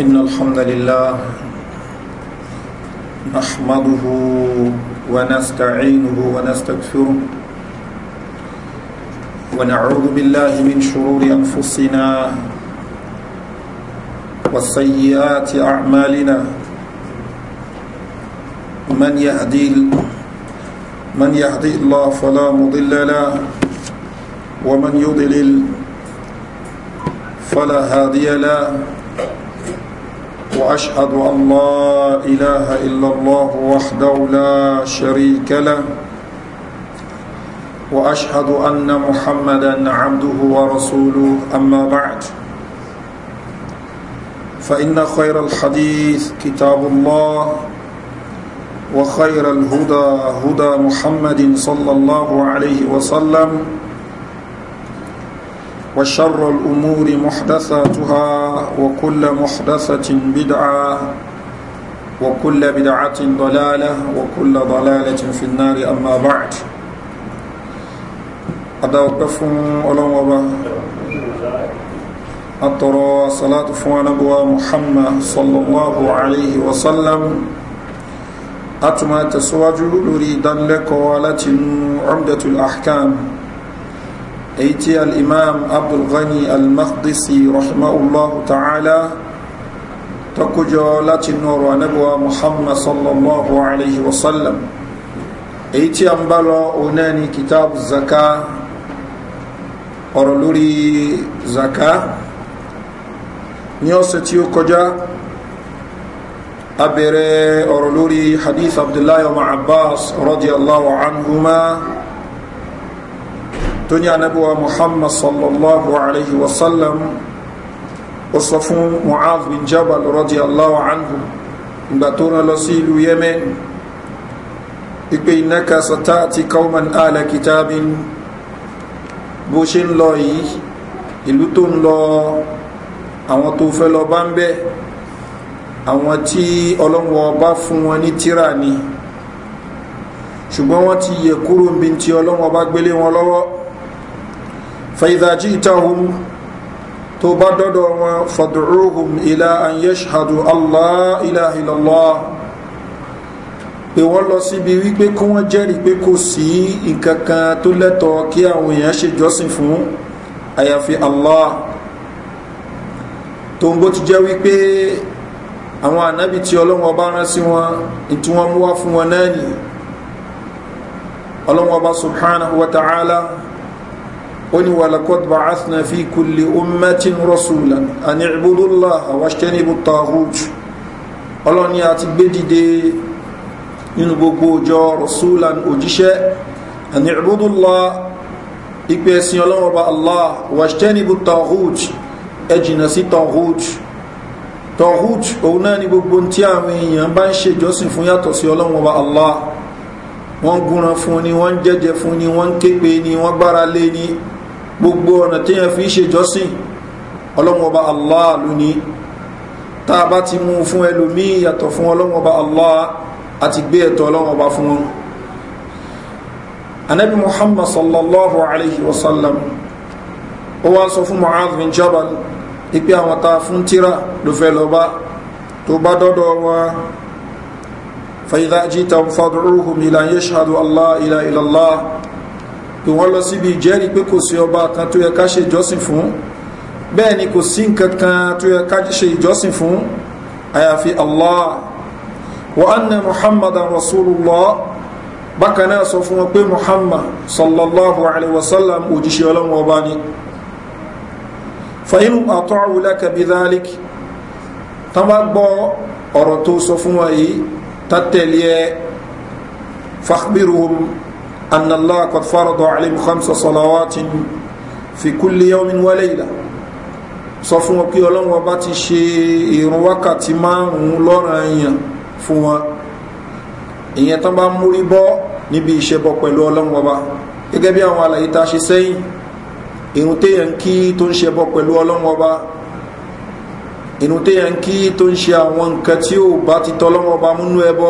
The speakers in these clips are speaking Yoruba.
إن الحمد لله نحمده ونستعينه ونستغفره ونعوذ بالله من شرور أنفسنا وسيئات أعمالنا من يهدي من يهدي الله فلا مضل له ومن يضلل فلا هادي له وأشهد أن لا إله إلا الله وحده لا شريك له وأشهد أن محمدا عبده ورسوله أما بعد فإن خير الحديث كتاب الله وخير الهدى هدى محمد صلى الله عليه وسلم وشر الأمور محدثاتها وكل محدثة بدعة وكل بدعة ضلالة وكل ضلالة في النار أما بعد أدوقف ألوبة أترى صلاة فوانبوى محمد صلى الله عليه وسلم أتما تسواجه لريدا لك ولتن عمدة الأحكام èyí tí al-imam abdulghani al-makhdisi rahimahullahu ta'ala tọkójọ láti inú ọ̀rọ̀ anábíwá muhammad sallallahu alayhi wa sallam èyí tí a ń bá lọ òun náà ni kitab zaka ọ̀rọ̀ lórí zaka ní ọ̀sẹ̀ tí ó kọjá a ọ̀rọ̀ lórí hadith abdullahi wa abbas radiyallahu anhuma. ma tó ní anábíwá muhammad sallallahu alaihi wasallam ó sọ fún mu'adh bin jabal rọ́dí allahu anhu ìgbà tó rán lọ sí ìlú yemen ìpè ìnáka sata àti kauman ala kitabin bó ṣe ń lọ yìí ìlú tó ń lọ àwọn tó fẹ́ lọ bá ń bẹ́ àwọn tí ọlọ́wọ́ bá fún wọn ní tíra ni ṣùgbọ́n wọ́n ti yẹ kúrò ń tí ọlọ́wọ́ bá gbélé wọn lọ́wọ́ fàyídàjí ìtahùn tó bá dọ́dọ̀ wọn fàdùrúhùn ilá àyẹ́ṣàdù allah ilá ìlọ́lá pé wọ́n lọ síbi wípé kí wọ́n jẹ́rìí pé kò sí nǹkan kan tó lẹ́tọ̀ọ́ kí àwọn èèyàn ṣe jọ́sìn fún àyàfi allah tó ń bó ti jẹ́ wípé àwọn ànábì tí ọlọ́wọ́ bá rán sí wọn ìtú wọn mú wá fún wọn náà nìyí ọlọ́wọ́ bá subhanahu wa ta'ala oni walakot ba'athna fi kulli ummatin rasula an i'budu allah wa ijtanibu at-taghut ọlọ́ni àti gbé dìde nínú gbogbo ọjọ́ rasulan òjíṣẹ́ an i'budu allah ipe ẹ̀sìn ọlọ́wọ́ bá allah wa ijtanibu at-taghut ẹ jìnà sí taghut taghut òun náà ni gbogbo tí àwọn èèyàn bá ń ṣèjọsìn fún yàtọ̀ sí ọlọ́wọ́ bá allah wọ́n gúnran fún ni wọ́n jẹ́jẹ́ fún ni wọ́n képe ni wọ́n gbára lé ni gbogbo ọ̀nà tí yẹn fi ṣe jọ́sìn ọlọ́mọba allah lóní tá a bá ti mú fún ẹlòmíì yàtọ̀ fún ọlọ́mọba allah àti gbé ẹ̀tọ́ ọlọ́mọba fún wọn anabi muhammad sallallahu alayhi wa sallam ó wá sọ fún muhammed bin jabal ipe àwọn tá fún tíra ló fẹ́ lọ bá tó bá dọ́dọ̀ wọn fàyídá jíta fàdúrúhùn ìlànà yẹ́ṣàdù allah ilà ìlàlá pé wọ́n lọ síbi ìjẹ́rìí pé kò sí ọba kan tó yẹ ká ṣe ìjọsìn fún bẹ́ẹ̀ ni kò sí nǹkan kan tó yẹ ká ṣe ìjọsìn fún àyàfi allah wa anna muhammadan rasulullah bákan náà sọ fún wọn pé muhammad sallallahu alaihi wasallam òjíṣẹ́ ọlọ́run ọba ni fàyínú àtọ́wò lákàbí dáálík tán bá gbọ́ ọ̀rọ̀ tó sọ fún wọn yìí tàtẹ̀lẹ́ e, fàkbírùhùn أن الله قد فرض عليهم خمس صلوات في كل يوم وليلة sọ fún wọn pé ọlọ́run ọba ti ṣe ìrun wákàtí márùn-ún lọ́ràn èèyàn fún wọn ìyẹn tán bá múrí bọ́ níbi ìṣẹ́bọ pẹ̀lú ọlọ́run ọba gẹ́gẹ́ bí àwọn àlàyé ta ṣe sẹ́yìn ìrun téèyàn kí tó ń ṣẹbọ pẹ̀lú ọlọ́run ọba ìrun téèyàn kí tó ń ṣe àwọn nǹkan tí ò bá ti tọ́ ọlọ́run ọba múnú ẹbọ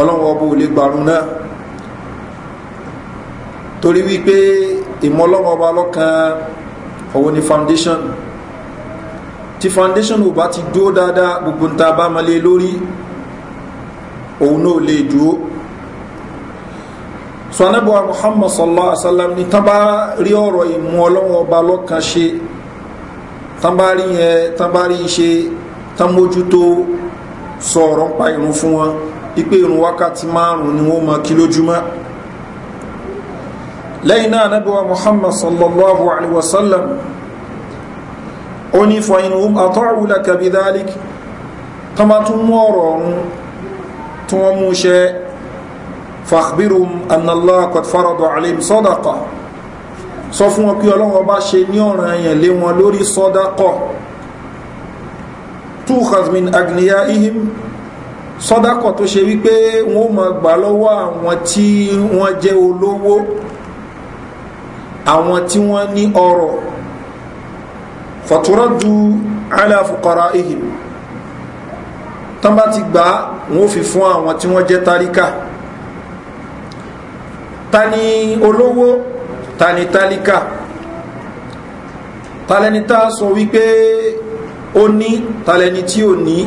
ọlọ́run ọba ò lè gbàrún náà torí wípé ìmọ̀lọ́wọ́ ọba lọ́kan ọwọ́ ni foundation tí foundation ò bá ti dúó dáadáa gbogbo ń ta bá mọ́lé lórí òun náà lè dúó sọ̀nẹ́bọ̀ muhammad sallallahu alaihi wasallam ni tán bá rí ọ̀rọ̀ ìmú ọlọ́wọ́ ọba lọ́kan ṣe tán bá rí yẹn tán bá rí ṣe tán mójútó sọ̀rọ̀ ń pa irun fún wọn ipé irun wákàtí márùn-ún ni wọ́n mọ kí lójúmọ́ lẹ́yìn náà nábíwá muhammad sallallahu alaihi wasallam ó ní fọyín àtọ́wùlà kàbídálík tó má tún mú ọ̀rọ̀ ọ̀run tí wọ́n mú ṣe fàkbírùm annalá kọtfàrọ̀dọ̀ alim sọ́dọ̀kọ̀ sọ fún wọn pé ọlọ́wọ́ bá tó ṣe wípé wọ́n mọ̀ gbà lọ́wọ́ àwọn tí wọ́n jẹ́ olówó àwọn tí wọ́n ní ọrọ̀ fọ̀túrọ́dù aláfukọ́ra ihim tán bá ti gbà wọ́n fi fún àwọn tí wọ́n jẹ́ táríkà ta ni olówó ta ni táríkà talẹni tá sọ wípé ó ní talẹni tí ò ní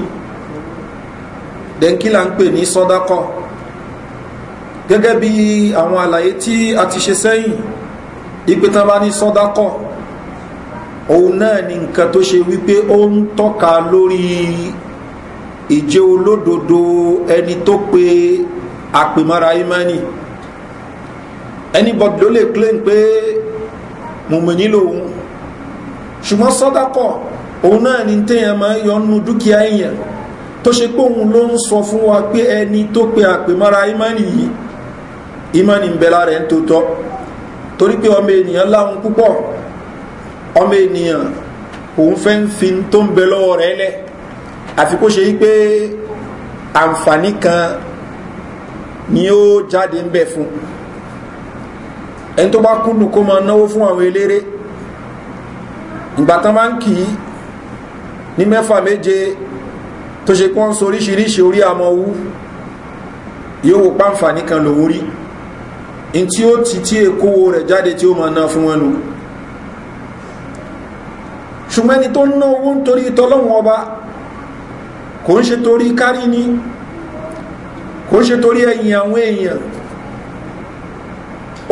dẹ́ńkí ń pè ní sọ́dákọ̀ gẹ́gẹ́ bí àwọn àlàyé tí a ti ṣe sẹ́yìn ipe tán bá ní sọ́dákọ̀ òun náà ni nǹkan tó ṣe wípé ó ń tọ́ka lórí ìjẹ́ olódodo ẹni tó pe àpèmọ́ra imani anybody ló lè claim pé mùmìnì lòun ṣùgbọ́n sọ́dákọ̀ òun náà ni téèyàn máa ń yọnu dúkìá èèyàn tó ṣe pé òun ló ń sọ fún wa pé ẹni tó pe àpèmọ́ra imani yìí imani ń bẹ lára ẹ̀ ń tó tọ́ torí pé ọmọ ènìyàn láhun púpọ̀ ọmọ ènìyàn òun fẹ́ ń fi tó ń bẹ lọ́wọ́ rẹ̀ lẹ̀ àfi kó ṣe wípé àǹfààní kan ni ó jáde ń bẹ̀ fún ẹni tó bá kúnnù kó máa náwó fún àwọn eléré ìgbà tán máa ń kì í ní mẹ́fà méje tó ṣe pọ́n so oríṣiríṣi orí àmọ́ wú yóò wò páǹfààní kan lòun rí in tí ó ti tí èkówó rẹ̀ jáde tí ó ma ná fún wọnú ṣùgbọ́n ẹni tó ń ná owó nítorí tọ́lọ́wọ́n ọba kò ń ṣe torí kárí ní kò ń ṣe torí ẹ̀yìn àwọn èèyàn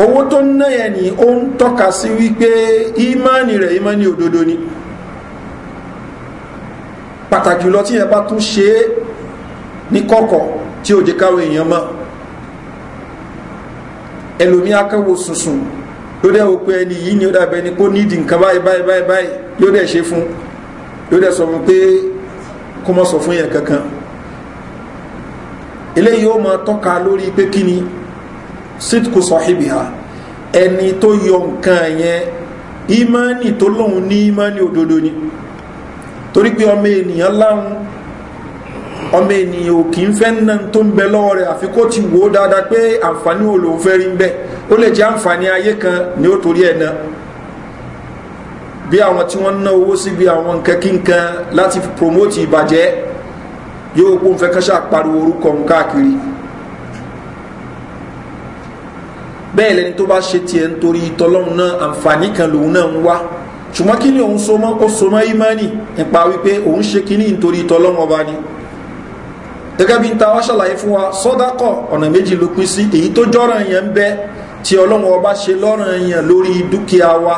owó tó ná yẹn ni ó ń tọ́ka sí wípé ìmánì rẹ̀ ìmánì òdodo ni pàtàkì lọ tí yẹn bá tún ṣe é ní kọ̀kọ̀ tí ò jẹ́ èèyàn máa ẹlòmí akẹ́wò sùnsùn ló dẹ́ o pé ẹni yìí ni ó dàbẹ́ ni kó nídìí nǹkan báyìí báyìí báyìí báyìí yóò dẹ̀ ṣe fún yóò dẹ̀ sọ fún pé kó mọ̀ sọ fún yẹn kankan eléyìí ó mọ tọ́ka lórí pé kí ni sitku sọ̀híbìhà ẹni tó yọ nǹkan yẹn ìmánì tó lóun ní ìmánì òdodo ni torí pé ọmọ ènìyàn láwọn ọmọ ènìyàn ò kì í fẹ́ ná tó ń bẹ lọ́wọ́ rẹ̀ àfi kó ti wò ó dáadáa pé àǹfààní wo lòun fẹ́ rí ń bẹ́ ó lè jẹ́ àǹfààní ayé kan ni ó torí ẹ̀ náà bí àwọn tí wọ́n ná owó síbi àwọn nǹkan kí nǹkan láti promote ìbàjẹ́ yóò kó nfẹ́ kán ṣàpariwo orúkọ òun káàkiri bẹ́ẹ̀ lẹni tó bá ṣe tiẹ̀ nítorí tọlọ́run náà àǹfààní kan lòun náà ń wá ṣùgbọ́n kí ni òun so mọ́ ó so mọ́ ìmánì nípa wípé òun ṣe kínní nítorí tọlọ́run ọba ni. Tolong, gẹ́gẹ́ bí n ta wá ṣàlàyé fún wa sọ́dákọ̀ ọ̀nà méjì ló pín sí èyí tó jọ́ràn yẹn ń bẹ tí ọlọ́run ọba ṣe lọ́ràn yẹn lórí dúkìá wa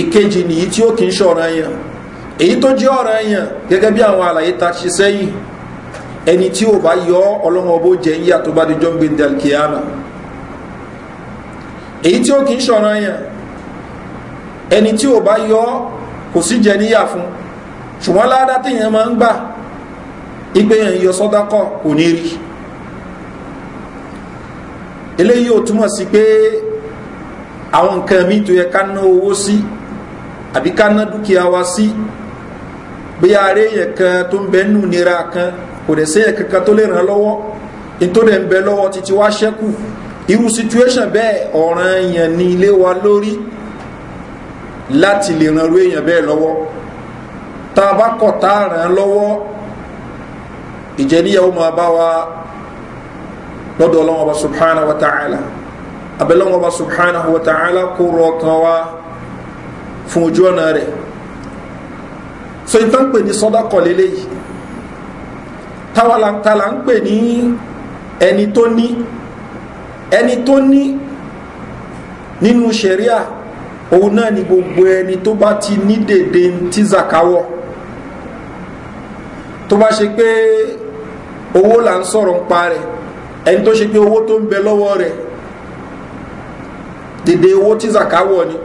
ìkejì nìyí tí ó kì í ṣọ̀ràn yẹn èyí tó jẹ́ ọ̀ràn yẹn gẹ́gẹ́ bí àwọn àlàyé ta ṣe sẹ́yìn ẹni tí ò bá yọ ọlọ́run ọba ó jẹ́ yíyà tó bá di jọ́ǹgbé dalkiana èyí tí ó kì í ṣọ̀ràn yẹn ẹni tí ò bá yọ kò sí jẹ níyà fún un ṣùgbọ́n ládá téèyàn máa ń gbà igbe yọ sọ́dákọ̀ kò ní rí eléyìí ò túmọ̀ sí pé àwọn nǹkan mi tó yẹ ká ná owó sí àbí ká ná dúkìá wa sí bóyá aré yẹn kan tó ń bẹ nù nira kan kò dẹ̀ séyẹn kankan tó lè ràn lọ́wọ́ nítorí ń bẹ lọ́wọ́ títí wá ṣẹ́kù irú situation bẹ́ẹ̀ ọ̀ràn ní ilé wa lórí láti lè lọ́wọ́ tá a bá kọ̀ tá a ràn án lọ́wọ́ ìjẹniyàwó máa bá wa lọ́dọ̀ ọlọ́wọ́ bá subhanahu wa ta'ala abẹ́lọ́wọ́ bá subhanahu wa ta'ala kó rọ kan wá fún ojú ọ̀nà rẹ̀ so n tán pè ní sọ́dákọ̀ lélẹ́yìí táwa la ń pè ní ẹni tó ní ẹni tó ní nínú sẹ̀ríà òun náà ni gbogbo ẹni tó bá ti ní dèdè tí zakawọ́ tó bá ṣe pé owó là ń sọ̀rọ̀ ń pa rẹ̀ ẹni tó ṣe pé owó tó ń bẹ lọ́wọ́ rẹ̀ dèdè owó tí zaka wọ̀ ni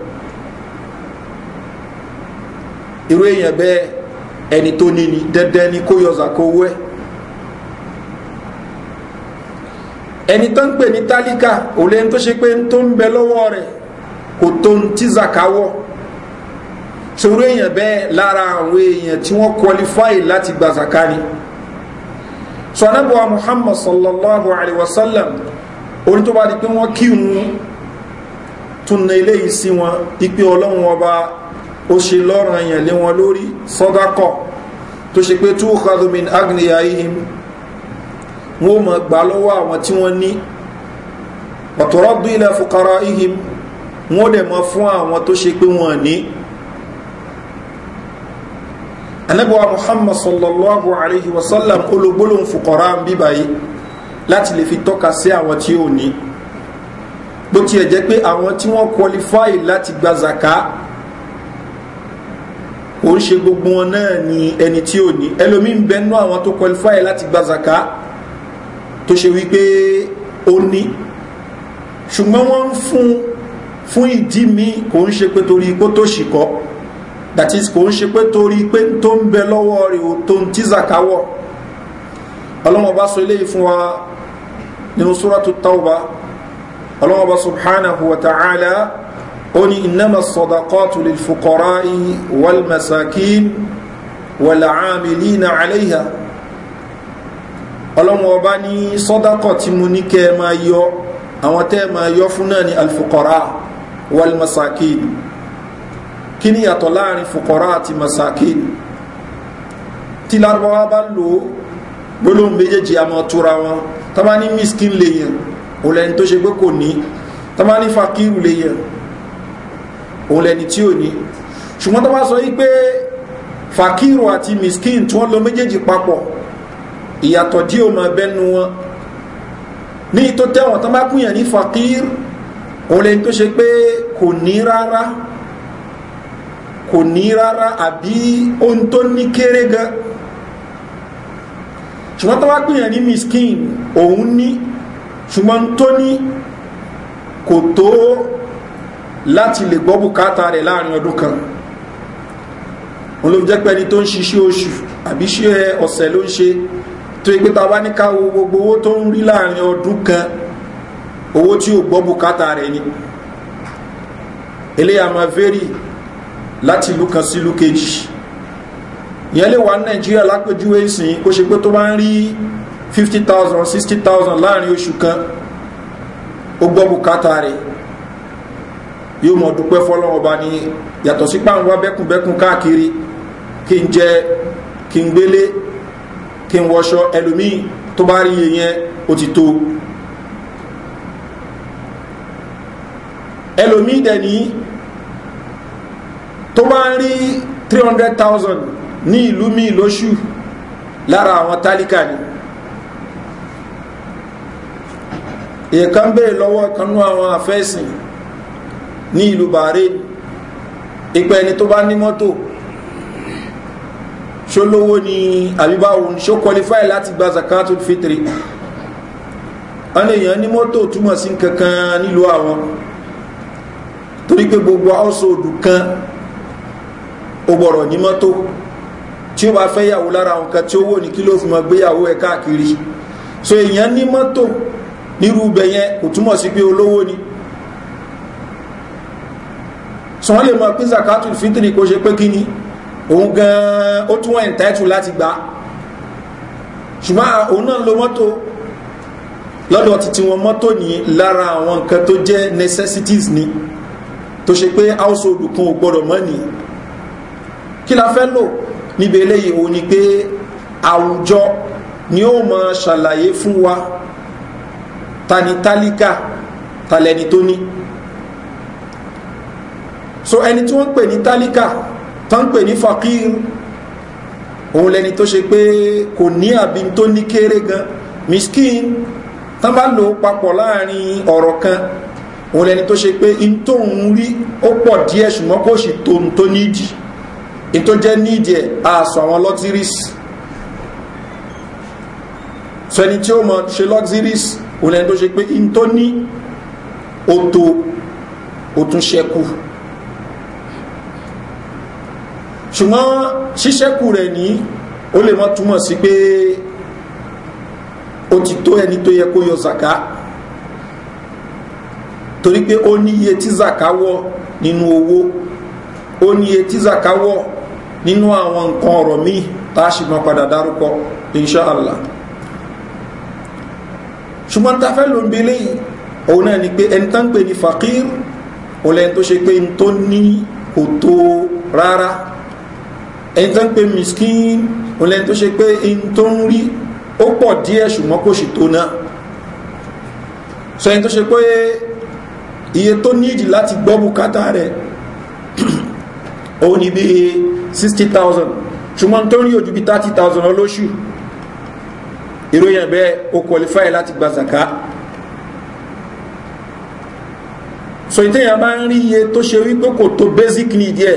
irú èèyàn bẹ́ẹ̀ ẹni tó ní ni dẹ́dẹ́ ni kó yọ zaka owó ẹ̀ ẹni tó ń pè ní tálíkà òun lẹ́ni tó ṣe pé tó ń bẹ lọ́wọ́ rẹ̀ kò tó ń tí zaka wọ̀ sòrò èèyàn bẹ́ẹ̀ lára àwọn èèyàn tí wọ́n kọlifáì láti gba zaka ni sọ̀nàbọ̀wá muhammad sallallahu alayhi wa sallam orí tó bá di pé wọ́n kírun tún na eléyìí sí wọn ipe ọlọ́run ọba ó ṣe lọ́rùn èèyàn lé wọn lórí sọ́dákọ̀ tó ṣe pé two kadomin agniya ihim wọ́n mọ̀ gbà lọ́wọ́ àwọn tí wọ́n ní ọ̀tọ̀rọ̀ bí ilẹ̀ fukara ihim wọ́n dẹ̀ mọ̀ fún àwọn tó ṣe pé wọ́n ní anabiwa muhammad sallallahu alayhi wa sallam olùgbólóhùn fukọ̀rá ń bíbá yìí láti lè fi tọ́ka sí àwọn tí ó ní bó tiẹ̀ jẹ́ pé àwọn tí wọ́n qualify láti gba zaka ò ń ṣe gbogbo wọn náà ni ẹni tí ó ní ẹlòmí ń bẹnú àwọn tó qualify láti gba zaka tó ṣe wípé ó ní ṣùgbọ́n wọ́n ń fún fún ìdí mi kò ń ṣe pé torí kó tó ṣìkọ́ that is kò ń ṣe pé torí pé tó ń bẹ lọ́wọ́ rẹ̀ ò tó ń tí zakawọ̀ ọlọ́wọ́n bá sọ eléyìí fún wa nínú súratu tauba ọlọ́wọ́n bá subhanahu wa ta'ala ó ní ìnáma sọ̀dàkọ́tù lè fukọ̀rá yìí wàlmasakin wàlàámìlínà aléhà ọlọ́wọ́n bá ní sọ́dàkọ̀ tí mo ní kẹ́ máa yọ àwọn tẹ́ máa yọ fún náà ní alfukọ̀rá wàlmasakin kini ni yàtọ̀ láàrin fòkọ́rá àti masakin ti lárúbáwá bá lò ó gbólóhùn méjèèjì a tura wọn tábà miskin lè yẹn òun lẹni tó ṣe pé kò ní tábà ní fakiru lè yẹn òun lẹni tí ò ní ṣùgbọ́n tábà sọ yí pé fakiru àti miskin tí wọ́n lo méjèèjì papọ̀ ìyàtọ̀ díẹ̀ ò máa bẹ́nu wọn ní tó tẹ́wọ̀n tábà kúnyàn ní fakir òun lẹni tó ṣe pé kò ní rárá kò ní rárá àbí ohun tó ní kéré gan ṣùgbọ́n ni miskin ohun ní ṣùgbọ́n tó ní kò láti lè gbọ́ bùkátà rẹ̀ láàrin ọdún kan òun jẹ́ pé ẹni tó ń ṣiṣẹ́ oṣù àbí ṣe ọ̀sẹ̀ ló ń ṣe tó ta láti ìlú kan sí ìlú kejì ìyẹn lè wà nàìjíríà pé tó bá ń rí fifty thousand láàrin oṣù kan ó gbọ́ bùkátà rẹ̀ yóò mọ̀ dúpẹ́ fọlọ́wọ́ bá ní yàtọ̀ sí pàǹ wá bẹ́kùnbẹ́kùn káàkiri kí n jẹ kí tó bá rí yẹn ó ti tó ẹlòmíì dẹ̀ ní tó bá ń rí three hundred thousand ní ìlú míì lóṣù lára àwọn tálíkà ni èèkan béèrè lọ́wọ́ kanú àwọn afẹ́sìn ní ìlú bahrain ìpẹ́ ni tó bá ní mọ́tò ṣolówó ni àbíbáwo ṣó qualify láti gba zakatul fitri àwọn èèyàn ní mọ́tò túmọ̀ sí kankan nílùú àwọn torí pé gbogbo household kan ó gbọ́dọ̀ ní mọ́tò tí ó bá fẹ́ yàwó lára àwọn kan tí ó wò ní kí ló fi mọ́ gbéyàwó ẹ̀ káàkiri so èèyàn ní mọ́tò nírú ibẹ̀ kò túmọ̀ sí pé olówó ni so wọ́n lè mọ pé zakatul fitri kò ṣe pé kí ni òun gan-an ó tún wọ́n ẹ̀ńtẹ́tù láti gbà ṣùgbọ́n òun náà lo mọ́tò lọ́dọ̀ títí wọn mọ́tò ní lára àwọn nǹkan tó jẹ́ necessities ni tó ṣe pé household kan ò gbọ́dọ̀ mọ́ nìyí kí la fẹ́ lò níbi eléyìí o ni pé àwùjọ ni ó mọ ṣàlàyé fún wa tani tálíkà talẹni tó ní so ẹni tí wọ́n ń pè ní tálíkà tó ń pè ní fakir òun lẹni tó ṣe pé kò ní àbí tó ní kéré gan miskin tán bá lò ó papọ̀ láàrin ọ̀rọ̀ kan òun lẹni tó ṣe pé in rí ó pọ̀ díẹ̀ ṣùgbọ́n kò sì tó tó nídìí ìtò jẹ́ nídìí ẹ̀ àṣọ àwọn luxuries so ẹni tí ó mọ̀ ṣe luxuries òun lẹ́ni tó ṣe pé in tó ní ó tó ó tún ṣẹ́kù ṣùgbọ́n ṣíṣẹ́kù rẹ̀ ní ó lè mọ́ túmọ̀ sí pé ó ti tó ẹni tó yẹ kó yọ zaka torí pé ó ní iye tí zaka wọ nínú owó ó ní iye tí zaka wọ nínú àwọn nǹkan ọ̀rọ̀ míì tá a sì mọ padà dárúkọ inṣáàlá ṣùgbọ́n tá a fẹ́ ló ń bi léyìí òun náà ni pé ẹni tán pè ní fakir òun lẹ́yìn tó ṣe pé n tó ní kò tó rárá ẹni tán pè miskin òun lẹ́yìn tó ṣe pé n tó ń rí ó pọ̀ díẹ̀ ṣùgbọ́n kò sì tó náà sọ ẹni tó ṣe pé iye tó níjì láti gbọ́ bùkátà rẹ̀ ó ní bí 60,000 ṣùgbọ́n tó rí ojú bí 30,000 olóṣù ìròyìn bẹ́ẹ̀ ó qualify láti gba zaka so ìtẹ́yàn bá ń rí iye tó ṣe wípé kò tó basic need yẹ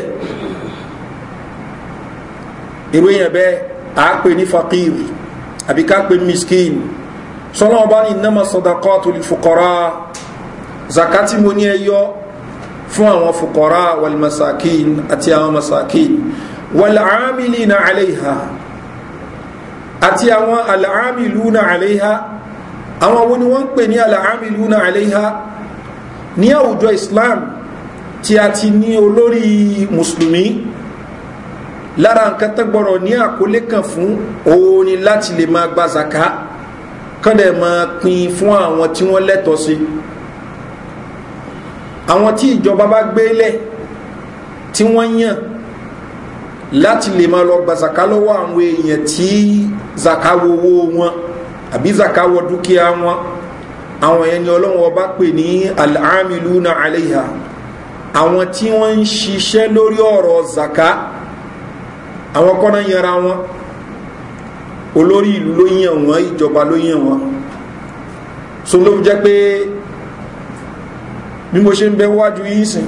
ìròyìn bẹ́ẹ̀ a pè ní fakir àbí ká pè ní miskin sọ́nà ọba ní nàmà sọ́dakọ́ tó lè fòkọ́ra zakati mo ní ẹ yọ fún àwọn fukọra walmasakin àti àwọn masakin wal'amilina alayha àti àwọn al'amiluna alayha àwọn àwọn ni wọ́n ń pè ní al'amiluna alayha ní àwùjọ islam tí a ti ní olórí mùsùlùmí lára nǹkan tó gbọ́rọ̀ ní àkólé kan fún òun láti lè máa gba kọ́dẹ̀ máa pin fún àwọn tí wọ́n lẹ́tọ̀ọ́ sí i àwọn tí ìjọba bá gbélẹ̀ tí wọ́n yàn láti lè máa lọ gba zaka lọ́wọ́ àwọn èèyàn tí zaka wo owó wọn àbí zaka wọ dúkìá wọn àwọn ẹni ọlọ́wọ́ bá pè ní al-amiluna alayha àwọn tí wọ́n ń ṣiṣẹ́ lórí ọ̀rọ̀ zaka àwọn kọ́nà yẹra wọn olórí ìlú ló yàn wọ́n ìjọba ló yàn wọ́n so ló jẹ́ pé bí mo ṣe ń bẹ wájú yìí sìn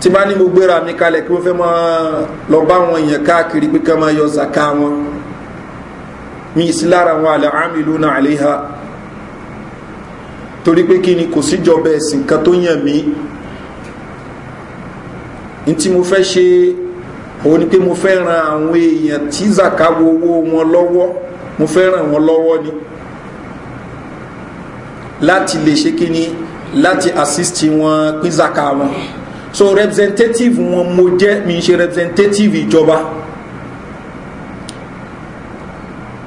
tí bá ní mo gbéra mi kalẹ̀ kí mo fẹ́ máa lọ bá wọn èèyàn káàkiri pé ká máa yọ zaka wọn mi sí lára wọn àlẹ́ àmìlú náà àléhà torí pé kí ni kò síjọba ẹ̀sìn kan tó yàn mí n tí mo fẹ́ ṣe òun ni pé mo fẹ́ ran àwọn èèyàn tí zaka wo owó wọn lọ́wọ́ mo fẹ́ ràn wọ́n lọ́wọ́ ni láti lè ṣe kí ni láti assist wọn pín zaka wọn so representative wọn mo jẹ́ mi ṣe representative ìjọba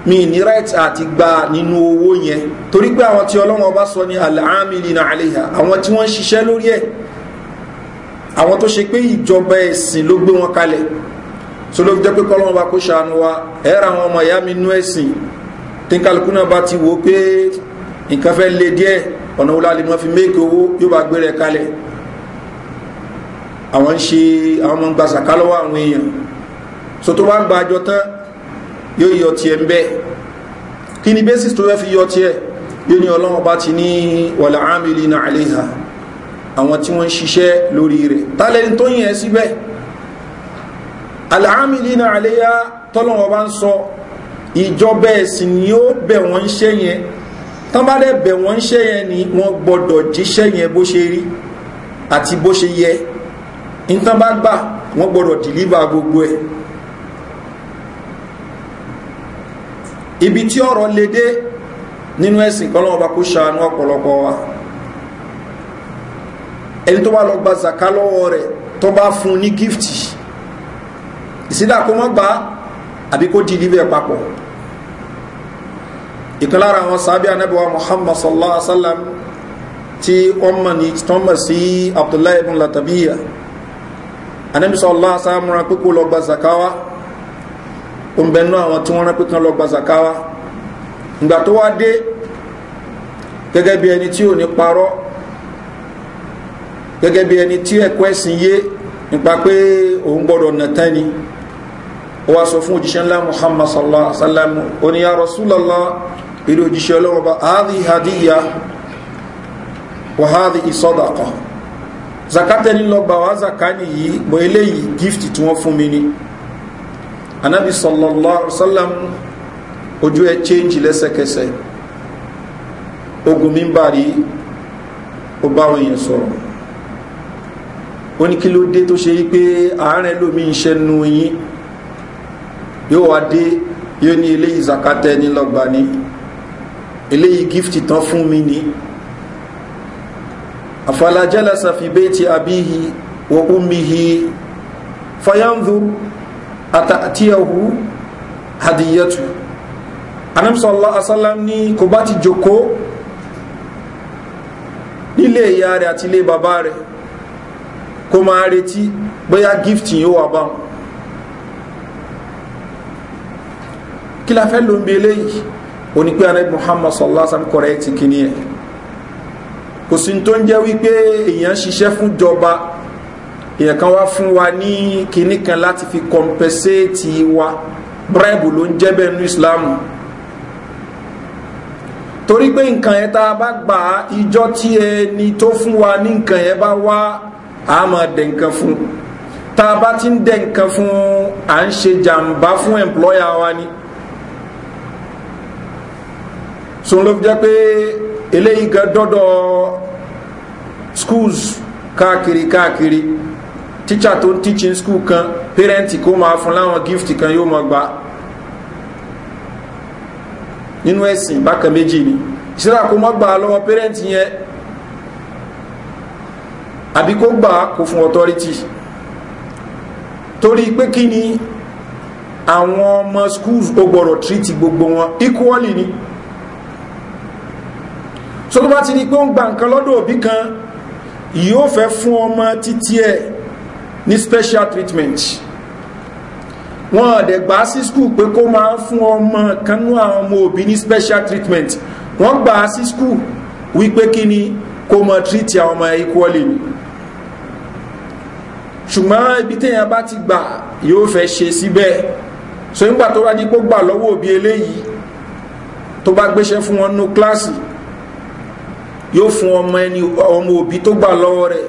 mi ní right àti gba nínú owó yẹn torí pé àwọn tí ọlọ́wọ́n bá sọ ní al-amilina alayha àwọn tí wọ́n ń ṣiṣẹ́ lórí ẹ̀ àwọn tó ṣe pé ìjọba ẹ̀sìn ló gbé wọn kalẹ̀ so ló fi jẹ́ pé kọ́lọ́wọ́n bá kó ṣàánú wa ẹ̀rọ àwọn ọmọ ìyá mi nú ẹ̀sìn tí kálukú náà bá ti wo pé nǹkan fẹ́ lé díẹ̀ ọ̀nà wo la lè mọ́ fi méèkì owó yóò bá gbé rẹ̀ kalẹ̀ àwọn ń ṣe àwọn ọmọ ń gba sàká lọ́wọ́ àwọn èèyàn so tó bá ń gba àjọ tán yóò yọ tiẹ̀ ń bẹ́ẹ̀ kí ni basis tó fẹ́ fi yọ tiẹ̀ yóò ní ọlọ́wọ́ bá ti ní wàlà ámìlì náà àléhà àwọn tí wọ́n ń ṣiṣẹ́ lórí rẹ̀ tálẹ́ni tó yìn síbẹ̀ àlàámìlì náà àléhà tọ́lọ́wọ́ bá ń sọ ìjọba ẹ̀sìn ni ó bẹ̀ wọ́n ń ṣẹ́yẹn tán bá dẹ̀ bẹ̀ wọ́n ń ṣe yẹn ni wọ́n gbọ́dọ̀ jíṣẹ́ yẹn bó ṣe rí àti bó ṣe yẹ nǹkan bá gbà wọ́n gbọ́dọ̀ dìlíbà gbogbo ẹ̀ ibi tí ọ̀rọ̀ lè dé nínú ẹ̀sìn kan lọ́wọ́ bá kó ṣàánú ọ̀pọ̀lọpọ̀ wa ẹni tó bá lọ gba zaka lọ́wọ́ rẹ̀ tó bá fún ní gífìtì ìsídà kó mọ́ gbà àbí kó dìlíbà papọ̀ ìkan lára àwọn sábẹ́ anábíwá muhammad sallallahu alaihi wa sallam tí wọ́n mọ̀ ní tọ́mọ̀ sí abdullahi ibn latabiya anábí sallallahu alaihi wa sallam rán pípò lọ gba zakawa òǹbẹ̀nú àwọn tí wọ́n rán pípò lọ gba zakawa ìgbà tó wá dé gẹ́gẹ́ bí ẹni tí ò ní parọ́ gẹ́gẹ́ bí ẹni tí ẹ̀kọ́ ẹ̀sìn yé nípa pé òun gbọ́dọ̀ nàtán ni ó sọ fún òjíṣẹ́ ńlá muhammad sallallahu alaihi wa sallam oníyàrá súlọ́lá ilé òjíṣẹ́ ọlọ́wọ́ bá áàdì hadiya wà áàdì ìsọ́dàkọ̀ zakatẹ́ni lọ́gbà wá zakani yìí mọ̀ eléyìí gift tí wọ́n fún mi ni anabi sallallahu alaihi wasallam ojú ẹ change lẹ́sẹ̀kẹsẹ̀ ogun mímbàrí ó bá àwọn èèyàn sọ̀rọ̀ ó ní kí ló yóò wá dé yóò ní eléyìí zakatẹ́ni lọ́gbà ni eléyìí gift tán fún mi ni afalajala safibeti abihi wa umihi fayanzu atatiyahu hadiyatu anamsọlá asalam ní kò bá ti jòkó nílé ìyá rẹ̀ àti ilé bàbá rẹ̀ kó máa retí bóyá gift yóò wà bá kí la fẹ́ ló ń eléyìí onípe anabi muhammad sallallahu alaihi wasallam correct kìíní ẹ̀ kò sí tó ń jẹ́ wípé èèyàn ṣiṣẹ́ fún jọba èèyàn kan wá fún wa ní kìíní kan láti fi compensate wa bribe ló ń jẹ́ bẹ́ẹ̀ nínú islam torí pé nǹkan yẹn tá a bá gbà á ìjọ tí ẹni tó fún wa ní nǹkan yẹn bá wá a máa dẹ̀ nǹkan fún tá a bá ti ń dẹ̀ nǹkan fún à ń ṣe jàǹbá fún employer wa ni so ló fi jẹ́ pé eléyìí gan dọ́dọ̀ schools káàkiri káàkiri teacher tó ń teaching school kan pẹ́rẹ́ǹtì kó máa fún láwọn gift kan yóò máa gbà nínú ẹ̀sìn bákan méjì ni ìṣẹ́lá kó má gbà lọ́wọ́ pẹ́rẹ́ǹtì yẹn àbí kó gbà kó fún authority torí pé kí ni àwọn ọmọ schools ó gbọ́dọ̀ treat gbogbo wọn equally ni so tó bá ti di pé ó ń gba nǹkan lọ́dọ̀ òbí kan yóò fẹ́ fún ọmọ títí ẹ̀ ní special treatment wọn àdẹ̀ gbà sí skul pé kó máa fún ọmọ kanú àwọn ọmọ òbí ní special treatment wọ́n gbà sí skul wípé kí ni kó mọ treat àwọn ọmọ equally ni ṣùgbọ́n ibi téèyàn bá ti gbà yóò fẹ́ ṣe síbẹ̀ so nígbà tó bá di pé gbà lọ́wọ́ òbí eléyìí tó bá gbéṣẹ́ fún wọn nú kíláàsì yóò fún ọmọ ẹni ọmọ òbí tó gbà lọ́wọ́ rẹ̀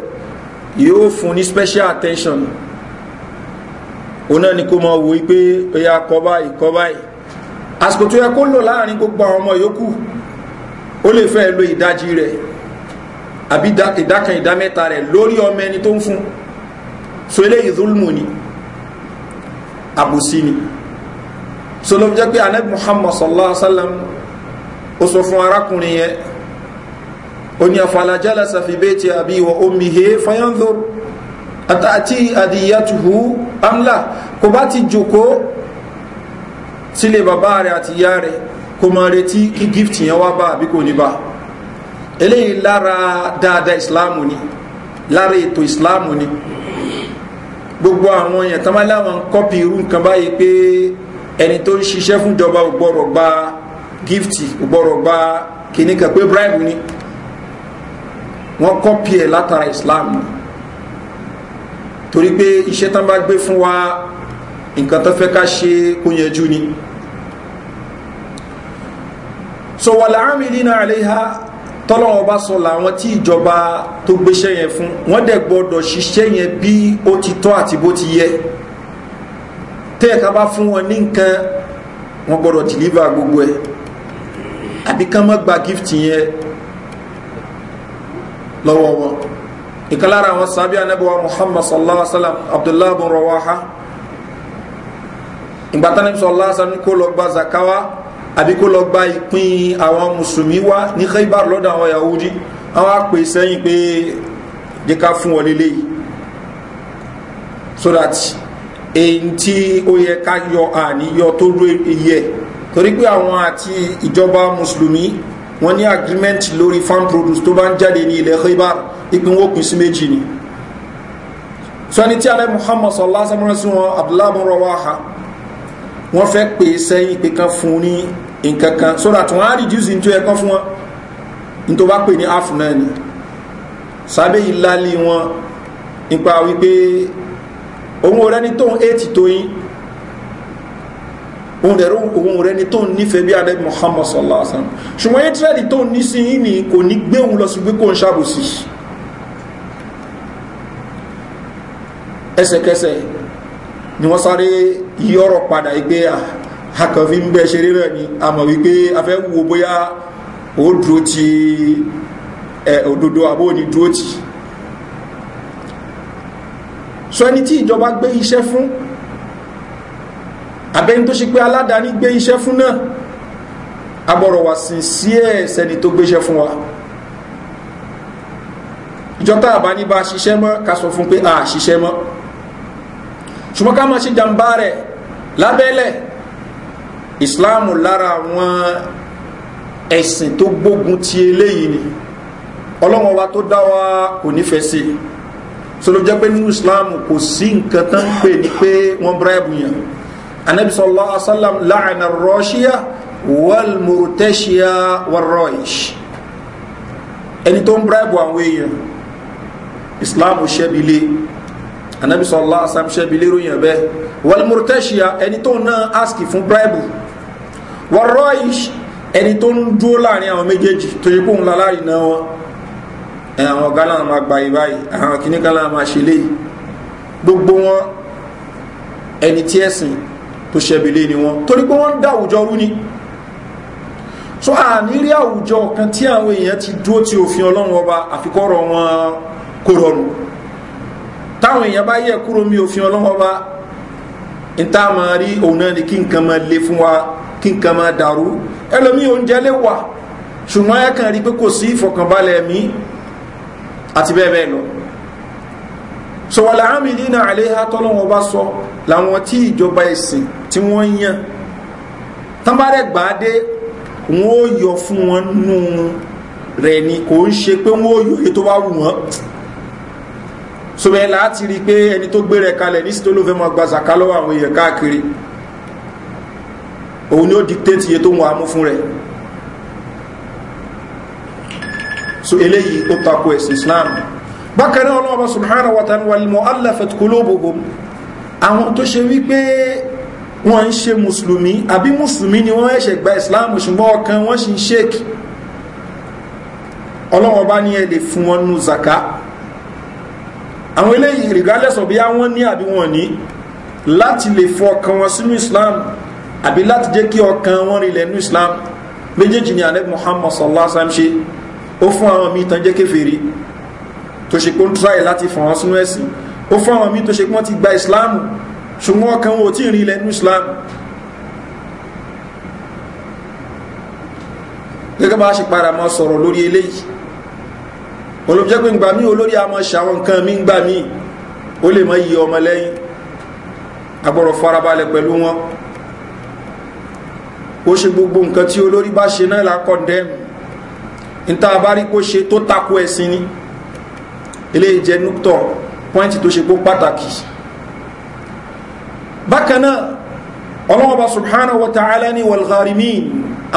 yóò fún ní special attention òun náà ni kó máa wò pé ẹ̀yà kọ́ báyìí kọ́ báyìí àsìkò tó yẹ kó lò láàrin gbogbo àwọn ọmọ yòókù ó lè fẹ́ lo ìdajì rẹ̀ àbí ìdá kan ìdá mẹ́ta rẹ̀ lórí ọmọ ẹni tó ń fún so eléyìí zulmu ni àbòsí ni so ló fi jẹ́ pé anabi muhammad sallallahu alaihi wa sallam ó sọ fún arákùnrin yẹn oni afalajala safi beti abi wa ummihi fayanzur ataati adiyatuhu amla kò bá ti joko sílé bàbá rẹ̀ àti ìyá rẹ̀ kò máa retí kí gift yẹn wá bá àbí kò ní bá eléyìí lára dáadáa ìsìláàmù ni lára ètò ìsìláàmù ni gbogbo àwọn èèyàn tán máa láwọn kọ́pì irú nǹkan báyìí pé ẹni tó ń ṣiṣẹ́ fúnjọba ò gbọ́rọ̀ gba gift ò gbọ́rọ̀ gba kìnnìkan pé bribe ni wọ́n kọ́pì ẹ̀ látara islam ni torí pé iṣẹ́ tán bá gbé fún wa nǹkan tó fẹ́ ká ṣe kó yẹjú ni so wàlá amìlínà àléhà tọ́lọ́wọ́ bá sọ làwọn tí ìjọba tó gbéṣẹ́ yẹn fún wọ́n dẹ̀ gbọ́dọ̀ ṣiṣẹ́ yẹn bí ó ti tọ́ àti bó ti yẹ tẹ́ẹ̀ká bá fún wọn ní nǹkan wọ́n gbọ́dọ̀ dìlíbà gbogbo ẹ̀ àbí ká má gba gift yẹn lọ́wọ́ wọn ìkàlára àwọn sábíà nẹ́bọ̀wá muhammad sallallahu alaihi wa sallam abdullahi bin rawaha ìgbàtánà sallallahu alaihi wa sallam kó lọ gba zakawa àbí kó lọ gba ìpín àwọn mùsùlùmí wá ní khaybar lọ́dọ̀ àwọn yahudi àwọn àpè sẹ́yìn pé jẹ́ fún wọn lélẹ́yìí so that èyí tí ó yẹ ká yọ àníyọ tó rú iye torí pé àwọn àti ìjọba mùsùlùmí wọ́n ní agreement lórí farm produce tó bá ń jáde ní ilẹ̀ khaybar ìpín wọ́n sí méjì ni sọ́ni tí alẹ́ muhammad sallallahu alaihi wa sallam sí wọn abdullahi bin rawaha wọ́n fẹ́ pè é sẹ́yìn pé kan fún ní nǹkan kan so that wọ́n á reduce ní tó yẹ fún wọn ní tó pè ní half náà ni sábẹ́ ìlàlí wọn nípa wípé òun ò rẹ́ni tóun eight tóyin òun rẹ̀ òun rẹ̀ ni tó ń nífẹ̀ẹ́ bí alẹ́ muhammad sallallahu alaihi wa sallam ṣùgbọ́n israeli tó ń ní sí yín ni kò ní gbé òun lọ sí pé kò ń ṣàbòsí ẹsẹ̀kẹsẹ̀ ni wọ́n sáré yí ọ̀rọ̀ padà pé akànfin ah, ń bẹ́ ṣeré náà ni a mọ̀ wípé a wo bóyá ó dúró ti òdodo àbó ni dúró ti sọ ẹni tí ìjọba gbé iṣẹ́ fún àbẹ́ni tó ṣe pé aládàáni gbé iṣẹ́ fún náà agbọ́rọ̀ wà sí sí ẹ̀ tó gbéṣẹ́ fún wa ìjọta àbá ní bá ṣiṣẹ́ mọ́ ká sọ fún pé a ṣiṣẹ́ mọ́ ṣùgbọ́n ká máa ṣe jàǹbá rẹ̀ lábẹ́lẹ̀ ìsìláàmù lára àwọn ẹ̀sìn tó gbógun ti eléyìí ni ọlọ́wọ́n wa tó dá wa kò nífẹ̀ẹ́ sí i sọlọ́jọ́ pé nínú ìsìláàmù kò sí nǹkan tán ń pè ní pé wọ́n bíráìbù yàn anabi sallallahu alaihi wasallam la'ana rọ́ṣíà wal murtashiya wal rọ́ṣ ẹni tó ń bíráìbù àwọn èèyàn islam ṣẹ́bilé anabi sallallahu alaihi wasallam ṣẹ́bilé ròyìn ẹ̀bẹ́ wal murtashiya ẹni tó náà ask fún bíráìbù wal rọ́ṣ ẹni tó ń dúró láàrin àwọn méjèèjì tó yẹ kóhun láláàrin náà wọn àwọn ọ̀gá náà máa gba ìbáyìí àwọn kìnnìkan náà máa ṣe léyìí gbogbo wọn ẹni tí ẹ̀sìn tó ṣẹbìlé ni wọn torí pé wọ́n dá àwùjọ rú ni so àníírí àwùjọ kan tí àwọn èèyàn ti dúró ti òfin ọlọ́run ọba àfikọ́rọ̀ wọn kó rọrùn táwọn èèyàn bá yẹ kúrò mi òfin ọlọ́run ọba níta máa rí òun náà ni kí nǹkan máa le fún wa kí nǹkan máa dàrú ẹlòmíì oúnjẹ lè wà ṣùgbọ́n ẹ kàn rí pé kò sí ìfọ̀kànbalẹ̀ mi àti bẹ́ẹ̀ bẹ́ẹ̀ lọ sọ̀wọ́lá àmì nínú àléhà tọ́lọ́run ọba sọ làwọn tí ìjọba ẹ̀sìn tí wọ́n ń yàn tánbárẹ̀ gbàdé wọn ó yọ fún wọn nù rẹ̀ ni kò ń ṣe pé wọn ó yọ èyí tó bá wù wọ́n sọ̀rọ̀ láti rí i pé ẹni tó gbé rẹ̀ kalẹ̀ ní sító fẹ́ mọ gba lọ́wọ́ àwọn èèyàn káàkiri òun ni ó dictate iye tó ń á mú fún rẹ̀ so eléyìí ó takò ẹ̀sìn Islam bákan náà ọlọ́wọ́ subhanahu wa ta'ala wal mu'allafat qulubuhum àwọn tó ṣe wípé wọ́n ń ṣe mùsùlùmí àbí mùsùlùmí ni wọ́n ẹ̀ṣẹ̀ gba islam ṣùgbọ́n ọkàn wọ́n sì ń ṣèkì ọlọ́wọ́n bá ní ẹ lè fún wọn nù zaka àwọn eléyìí regardless of bí wọ́n ní àbí wọ́n ní láti lè fọ ọkàn wọn sínú islam àbí láti jẹ́ kí ọkàn wọn rí lẹ́nu islam méjèèjì ni alẹ́ muhammad sallallahu alaihi wa sallam ṣe ó fún àwọn míì tán jẹ́ kéfèèrè tó ṣe kó ń tíráyè láti fọ̀ wọn sínú ẹ̀sìn ó fọ́nà mi tó ṣe pọ́n ti gba islamu ṣùgbọ́n ọkàn wọn ò tí ìrìn ilẹ̀ ní islamu gẹ́gẹ́ bá ṣe para mọ́ sọ̀rọ̀ lórí eléyìí olùjẹ́ pé ngbà mí olórí àmọ́ ṣàwọn nǹkan mi ngbà mí ó lè mọ́ yí ọmọ lẹ́yìn agbọ́rọ̀ farabalẹ̀ pẹ̀lú wọn ó ṣe gbogbo nǹkan tí olórí bá ṣe náà lákọ̀ndẹ́mù níta bá rí kó ṣe tó tako ẹ̀sìn ni eléyìí jẹ́ núktọ̀ pọ́ìntì tó ṣe pó pàtàkì bákanáà ọlọ́wọ́ba subhanahu wa ta'ala ni walgharimin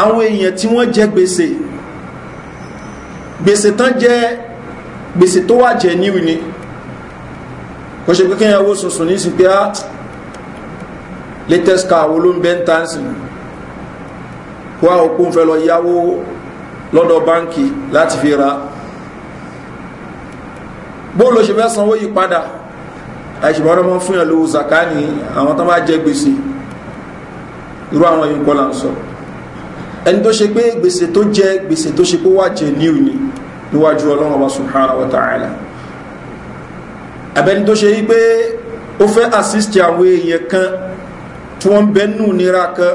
àwọn èèyàn tí wọ́n jẹ gbèsè gbèsè tán jẹ gbèsè tó wà jẹ níwì ni kò ṣe pé kí ẹyàwó sùnsùn ní sí pé á ah, latest car wo ló ń bẹ́ ń tán sí wá òkú ń fẹ́ lọ yáwó lọ́dọ̀ báńkì láti fi ra bóun ló ṣe fẹ́ sanwó yìí padà àìṣèbọn ọmọ fún yàn lówó zaka ni àwọn tó bá jẹ gbèsè irú àwọn yìí kọ́ là ń sọ ẹni tó ṣe pé gbèsè tó jẹ gbèsè tó ṣe pé wà jẹ níu ni níwájú ọlọ́run ọba subhanahu wa ta'ala abẹni tó ṣe yí pé ó fẹ́ assist àwọn èèyàn kan tí wọ́n bẹ́nu nira kan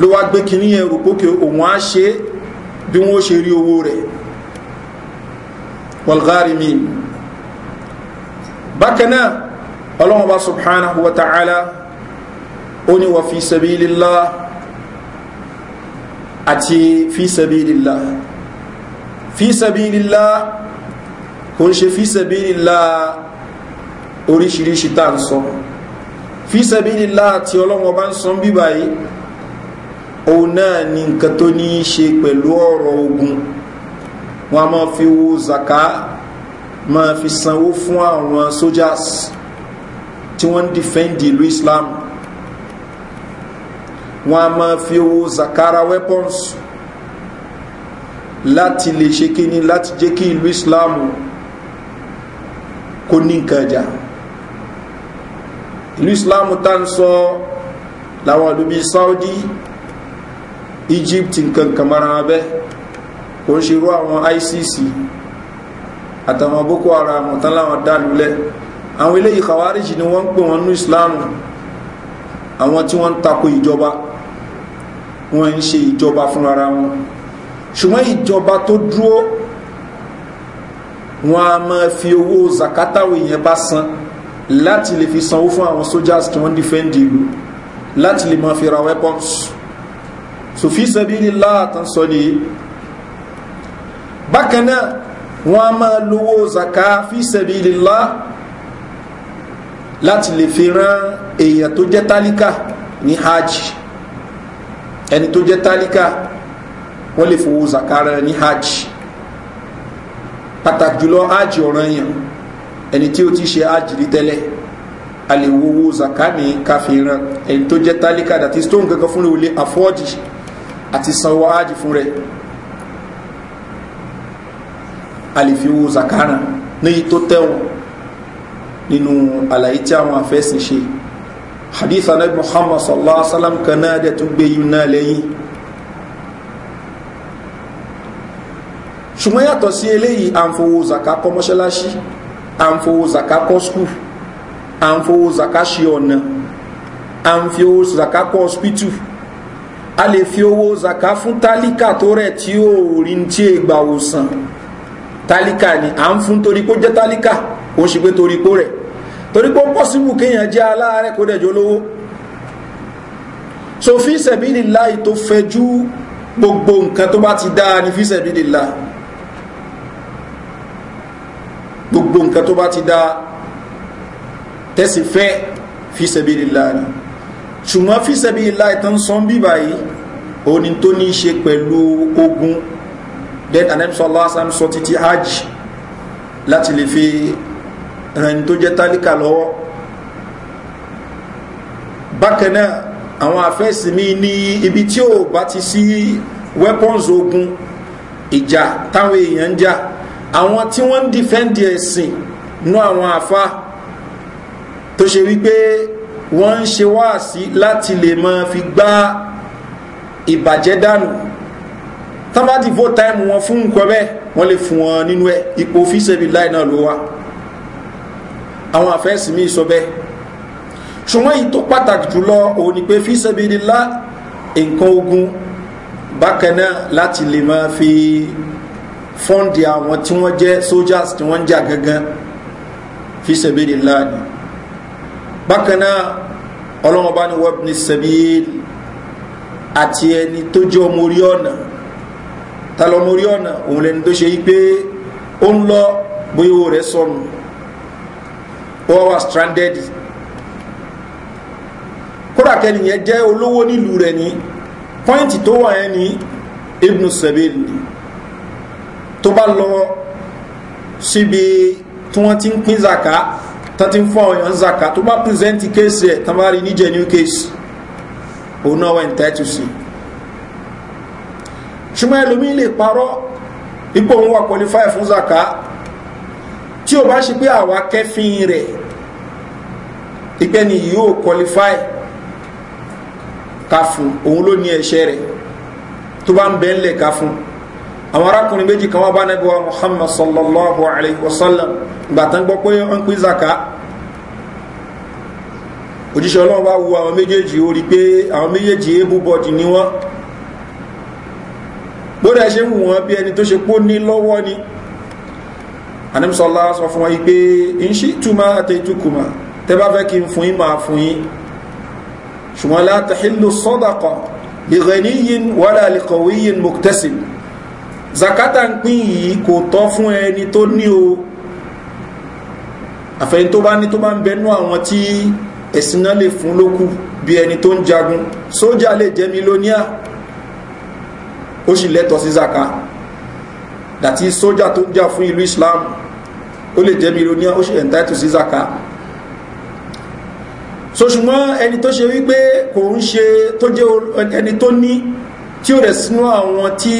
ló wá gbé kinní yẹn rò pókè òun á ṣe bí wọ́n ṣe rí owó rẹ̀ walgharimin bákan náà ọlọ́wọ́n bá subhanahu wa ta'ala ó ní wà fi sabilillah àti fi sabilillah fi sabilillah kò ń ṣe fi sabilillah oríṣiríṣi tá ń sọ fi sabilillah àti ọlọ́wọ́n bá ń sọ bíbáyé òun náà ni nǹkan tó ní í ṣe pẹ̀lú ọ̀rọ̀ ogun wọn a máa fi wo zaka máa fi sanwó fún àwọn soldiers tí wọ́n ń dìfẹ́ǹdì ìlú islam wọn a máa fi owó zakara weapons láti lè ṣe kíni láti jẹ́ kí ìlú islam kó ní nǹkan jà ìlú islam tá ń sọ làwọn ìlú saudi egypt nǹkan kan mara wọn bẹ́ẹ̀ kò ń àwọn ICC àtàwọn Boko Haram tán láwọn dálulẹ̀ àwọn eléyìí khawarij ni wọ́n ń pè wọ́n nú ìsìláàmù àwọn tí wọ́n ń tako ìjọba wọ́n ń ṣe ìjọba fún ara wọn ṣùgbọ́n ìjọba tó dúró wọn a máa fi owó zakatawo yẹn bá san láti lè fi sanwó fún àwọn soldiers tí wọ́n dìfẹ́ǹdì ìlú láti lè máa fi ra weapons sòfin sẹ́bí ní láàtàn sọ nìyí bákan náà wọ́n á máa lówó zaka fi sabilillah láti lè fi ran èèyàn tó jẹ́ tálíkà ní hajj ẹni tó jẹ́ tálíkà wọ́n lè fowó zaka ran ní hajj pàtàkì jùlọ hajj ọ̀ràn yàn ẹni tí ó ti ṣe hajj rí tẹ́lẹ̀ a lè wowó zaka ní káfíìran ẹni tó jẹ́ tálíkà dàtí stone kankan fún rẹ̀ ò lè afọ́ọ̀dì àti sanwó hajj fún rẹ̀ a lè fi wo zakara níyì tó tẹ̀wọ̀n nínú àlàyé tí àwọn afẹ́sìn ṣe hadith anabi muhammad sallallahu alaihi wa sallam kan náà dẹ̀ tún gbé yìí náà lẹ́yìn ṣùgbọ́n yàtọ̀ sí eléyìí à zaka kọ́ mọ́ṣáláṣí à zaka kọ́ skul à zaka ṣe ọ̀nà à zaka kọ́ hospital a lè fi owó zaka fún tálíkà tó rẹ̀ tí ó rí ní tí ègbà òsàn tálíkà ni à ń fún torí kó jẹ́ tálíkà kò ń ṣe pé torí kó rẹ̀ torí pé ó pọ́sibù kéèyàn jẹ́ aláàárẹ̀ kó dẹ̀ jólówó so fi sabilillahi tó fẹjú gbogbo nǹkan tó bá ti dáa ni fi sabilillahi gbogbo nǹkan tó bá ti dáa tẹ́sí fẹ́ fi sabilillahi ni ṣùgbọ́n fi sabilillahi tó ń sọ òní tó ní í ṣe pẹ̀lú ogun then anabi sallallahu alaihi wasallam sọ títí hajj láti lè fi ràn tó jẹ́ tálíkà lọ́wọ́ bákan náà àwọn afẹ́sì mi ní ibi tí ò bá ti sí weapons ogun ìjà táwọn èèyàn ń jà àwọn tí wọ́n ń defend ẹ̀sìn nú àwọn àfa tó ṣe wípé wọ́n ń ṣe wáàsí láti lè máa fi gbá ìbàjẹ́ dànù tán bá ti fó táìmù wọn fún nǹkan bẹ́ẹ̀ wọ́n lè fún wọn nínú ẹ̀ ipò fíṣẹ́bí láì náà ló wá àwọn àfẹ́sì míì sọ bẹ́ẹ̀ ṣùgbọ́n èyí tó pàtàkì jùlọ òun ni pé fíṣẹ́bí lá nǹkan ogun bákan náà láti lè máa fi fọ́ǹdì àwọn tí wọ́n jẹ́ soldiers tí wọ́n ń jà gangan fíṣẹ́bí lá ni bákan náà ọlọ́wọ́n bá ní sẹ́bí àti ẹni tó jẹ́ ọmọ orí ọ̀nà ta lọ mórí ọ̀nà òun lẹni tó ṣe pé ń lọ bóyá owó rẹ̀ sọnù ó wà stranded kódà kẹ́niyẹn jẹ́ olówó nílùú rẹ̀ ní pọ́ìntì tó wà yẹn ní ibnu sabil tó bá lọ síbi tí wọ́n ti ń pín zaka tán ti ń fún àwọn zaka tó bá pírẹsẹ́ntì kéèsì ẹ̀ tán bá rí níjẹ̀ new case òun náà wà ní tẹ́tù sí i ṣùgbọ́n ẹlòmí lè parọ́ ipò òun wà qualify fún zaka tí o bá ṣe pé àwa kẹfin rẹ̀ ìpẹ́ni yóò qualify ká òun ló ní ẹ̀ṣẹ̀ rẹ̀ tó bá ń bẹ́ ń àwọn arákùnrin wa muhammad sallallahu alayhi wa sallam gbàtán gbọ́ pé wọ́n ń pín zaka òjíṣẹ́ ọlọ́run bá wo àwọn méjèèjì ó rí pé àwọn méjèèjì ni wọ́n kódà ṣe ń wọ́n bí ẹni tó ṣe pó ní lọ́wọ́ ni anamsọ́lá sọ fún wọn yí pé ń ṣí túmọ̀ àtẹ̀tùkùmà tẹ́ bá fẹ́ kí n fún yín máa fún yín ṣùgbọ́n látàhílù sọ́dàkọ̀ ìrẹ̀níyìn wàdà lìkọ̀wíyìn mọ̀tẹ́sìn zakata ń pín yìí kò tọ́ fún ẹni tó ní o àfẹ́yìn tó bá ní tó bá ń bẹnú àwọn tí ẹ̀sìn náà lè fún lókù bí ẹni tó ń jagun sójà lè jẹ́ mílíọ̀níà ó sì lẹ́tọ̀ọ́ sí zaka dàtí sójà tó ń jà fún ìlú islam ó lè jẹ́ milonia ó sì entitled sí zaka so ṣùgbọ́n ẹni tó ṣe wípé kò ń ṣe tó jẹ́ ẹni tó ní tí ó rẹ̀ sínú àwọn tí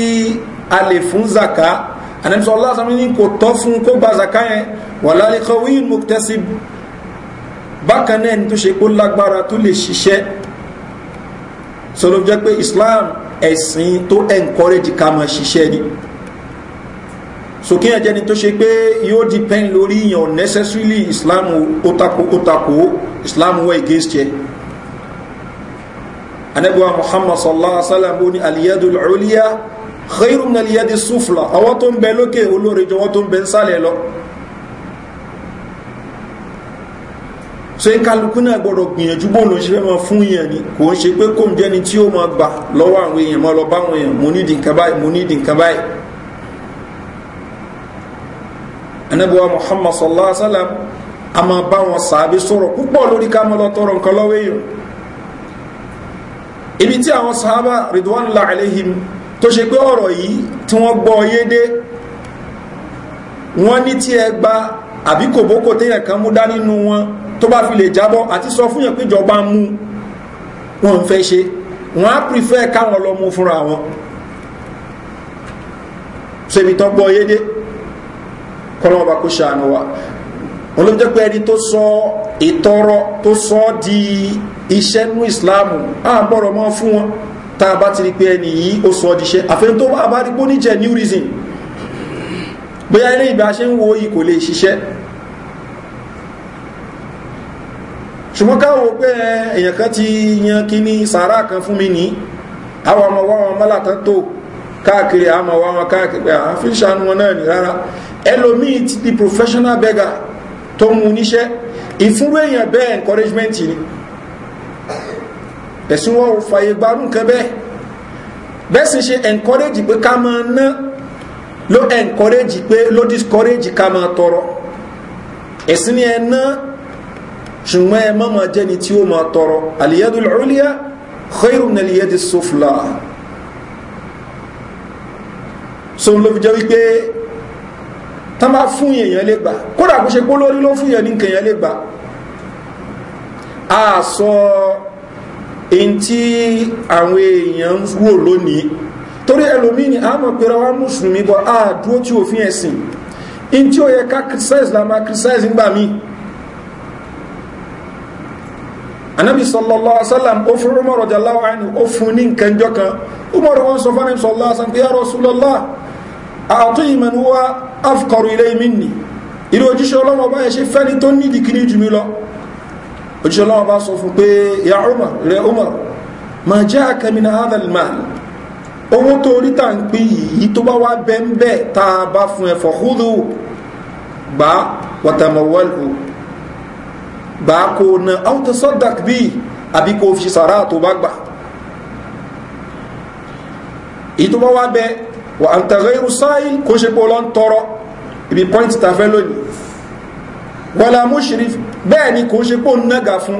a lè fún zaka ànàmísọ ọlọ́sàmí ní kò tọ́ fún kó gba zaka yẹn wà lálẹ́kọ̀ọ́ wíìn muktasib bákan náà ẹni tó ṣe kó lágbára tó lè ṣiṣẹ́ sọlọ́ jẹ́ pé islam ẹ̀sìn tó encourage ká máa ṣiṣẹ́ ni sókè so, ẹjẹni tó ṣe pé yóò depend lórí ìyàn necessarily islam otako otako islam were against yẹ anabiwa muhammad sallallahu alaihi wa sallam ó ní aliyadul uliya khairu min sufla àwọn tó ń bẹ lókè olóore jọ wọn tó ń bẹ ń lọ so yín kálukú náà gbọ́dọ̀ gbìyànjú bó ló ń ṣe fẹ́ máa fún yẹn ni kò ń ṣe pé kò ń jẹ́ni tí ó máa gbà lọ́wọ́ àwọn èèyàn máa lọ báwọn èèyàn mo nídìí nǹkan báyìí mo nídìí nǹkan báyìí. anabiwa muhammad sallallahu alaihi wa sallam a máa bá wọn sàábé sọ̀rọ̀ púpọ̀ lórí ká máa lọ tọrọ nǹkan lọ́wọ́ èèyàn. ibi tí àwọn sàábà ridwanullahi alaihim tó ṣe pé ọ̀rọ̀ yìí tí wọ́n gbọ́ yédé wọ́n ní tí gba àbí téèyàn kan mú dá nínú wọn tó bá fi lè jábọ́ àti sọ fún yàn pé ìjọba mú wọn fẹ́ ṣe wọn á pìfẹ́ káwọn lọ mú fúnra wọn ṣèbí tán gbọ́ yédé kọ́lọ́mọba kó ṣàánú wa wọn ló jẹ́ pé ẹni tó sọ ìtọrọ tó sọ di iṣẹ́ nú ìsìláàmù á bọ̀rọ̀ mọ́ fún wọn tá a bá ti rí pé ẹni yìí ó sọ di iṣẹ́ àfẹ́ni tó bá a bá rí pé ó níjẹ̀ new reason bóyá ilé ìgbà ṣe ń wo yìí kò lè ṣiṣẹ́ ṣùgbọ́n káwò pé èyàn kan ti yan kíní sàárà kan fún mi ní àwọn ọmọ wá wọn mọ́lá káàkiri àmọ́ káàkiri àfi wọn náà ní rárá ẹlòmíì ti di professional beggar tó mú níṣẹ́ ìfúnrú èyàn bẹ́ẹ̀ encouragement ni ẹ̀sùn wọn ò fàyè gbarún kan bẹ́ẹ̀ bẹ́ẹ̀ sì ṣe encourage pé ká máa ná ló encourage pé ló discourage ká máa tọrọ ẹ̀sìn ni ẹ náà ṣùgbọ́n ẹ má máa jẹ́ni tí ó máa tọrọ àlìyádù lọ́rọ́líyá khairu na lìyádì sọ́fúlà so ló fi jẹ́ wípé tá máa fún èèyàn lè gbà kódà kó ṣe pé lórí ló fún èèyàn ní nǹkan èèyàn lè gbà a sọ èyí tí àwọn èèyàn wò lónìí torí ẹlòmíì ni a mọ̀ pé wa mùsùlùmí bọ́ a dúró tí òfin ẹ̀sìn in tí ó yẹ ká criticize la máa criticize nígbà míì anabi sallallahu alaihi wasallam ó fún umar radiyallahu anhu ó fún ní nǹkan jọ kan umar wọn sọ fún sallallahu alaihi wasallam ya rasulullah a'ti man huwa afqaru ilay minni irú òjíṣẹ́ Ọlọ́run bá ṣe fẹ́ ni tó ní di kíní jù mí lọ òjíṣẹ́ Ọlọ́run bá sọ fún pé ya umar rẹ gbà kó na áwùtọ sọdàk bíi àbí kó fi sàrà tó bá gbà èyí tó bá wá bẹ wà á ń tẹ̀lé irú sáyé kó ṣe pé ọlọ́ ń tọrọ ibi pọ́ìntì tá a fẹ́ lónìí wọlé amúṣirí bẹ́ẹ̀ ni kò ń ṣe pé òun nága fún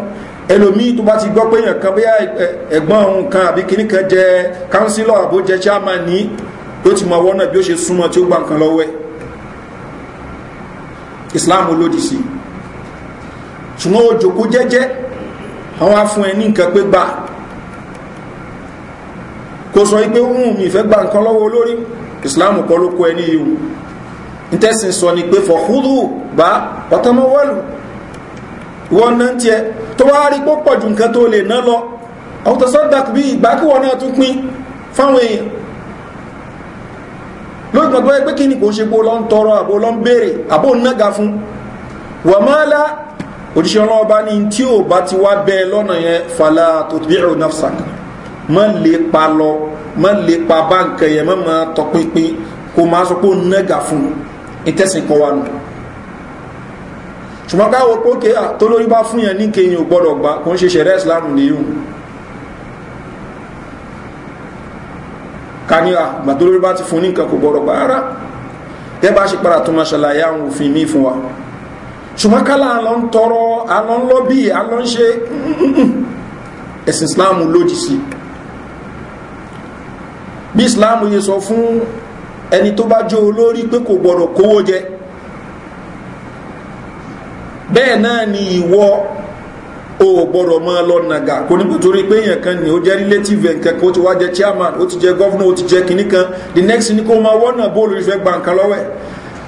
ẹlòmíì tó ti gbọ́ pé èèyàn kan bóyá ẹ̀gbọ́n òun kan àbí kan jẹ kánsílọ̀ àbó jẹ chairman ní ló ti mọ ọwọ́ náà bí ó ṣe súnmọ́ tí ó gbà nǹkan lọ́wọ́ islam lòdì sí i ṣùgbọ́n òjòkó jẹ́jẹ́ àwọn afún ẹ ní nǹkan pé gbà kò sọ wípé mi fẹ́ gba nǹkan lọ́wọ́ olori islam kọ́ ló kó ẹ ní ewu nítẹ̀sìn sọ ni pé fọ̀húrú bá ọ̀tọ́mọ́wọ́lù wọn náà tiẹ̀ tó wá rí pọ́pọ̀ ju nǹkan tó lè ná lọ àwọn bi bí ìgbà kí wọn náà tún pín fáwọn èèyàn lórí òjíṣẹ́ ọlọ́wọ́ bá ní tí ò bá ti wá bẹ́ẹ̀ lọ́nà yẹn fàlà tó bí ẹ̀rọ nafsak mọ́ lè pa lọ mọ́ lè pa bá nǹkan yẹn mọ́ máa tọpinpin kó máa sọ pé ó nẹ́gà fún un ìtẹ́sìn kan wà nù ṣùgbọ́n káwọ́ pókè tó lórí bá fún yẹn ní kéyìn ò gbọ́dọ̀ gbá kò ń ṣe ṣẹ̀rẹ́ ìsìlámù nìyí ká ní àgbà tó lórí bá ti fún ní nǹkan kò gbọ́dọ̀ gbá rárá tẹ́ bá ṣe padà tó máa ṣàlàyé àwọn òfin míì fún wa ṣùgbọ́n alon àlọ́ alon tọrọ islam islam sọ fún ẹni tó bá jó olórí pé kò gbọ́dọ̀ kówó jẹ bẹ́ẹ̀ náà o gbọ́dọ̀ mọ́ lọ nàgà kò ní pé kan ni ó jẹ́ relative jẹ chairman ó ti jẹ governor ó ti jẹ kìnní kan the next ni kó máa wọ́nà bóòlù ìfẹ́ lọ́wọ́ ẹ̀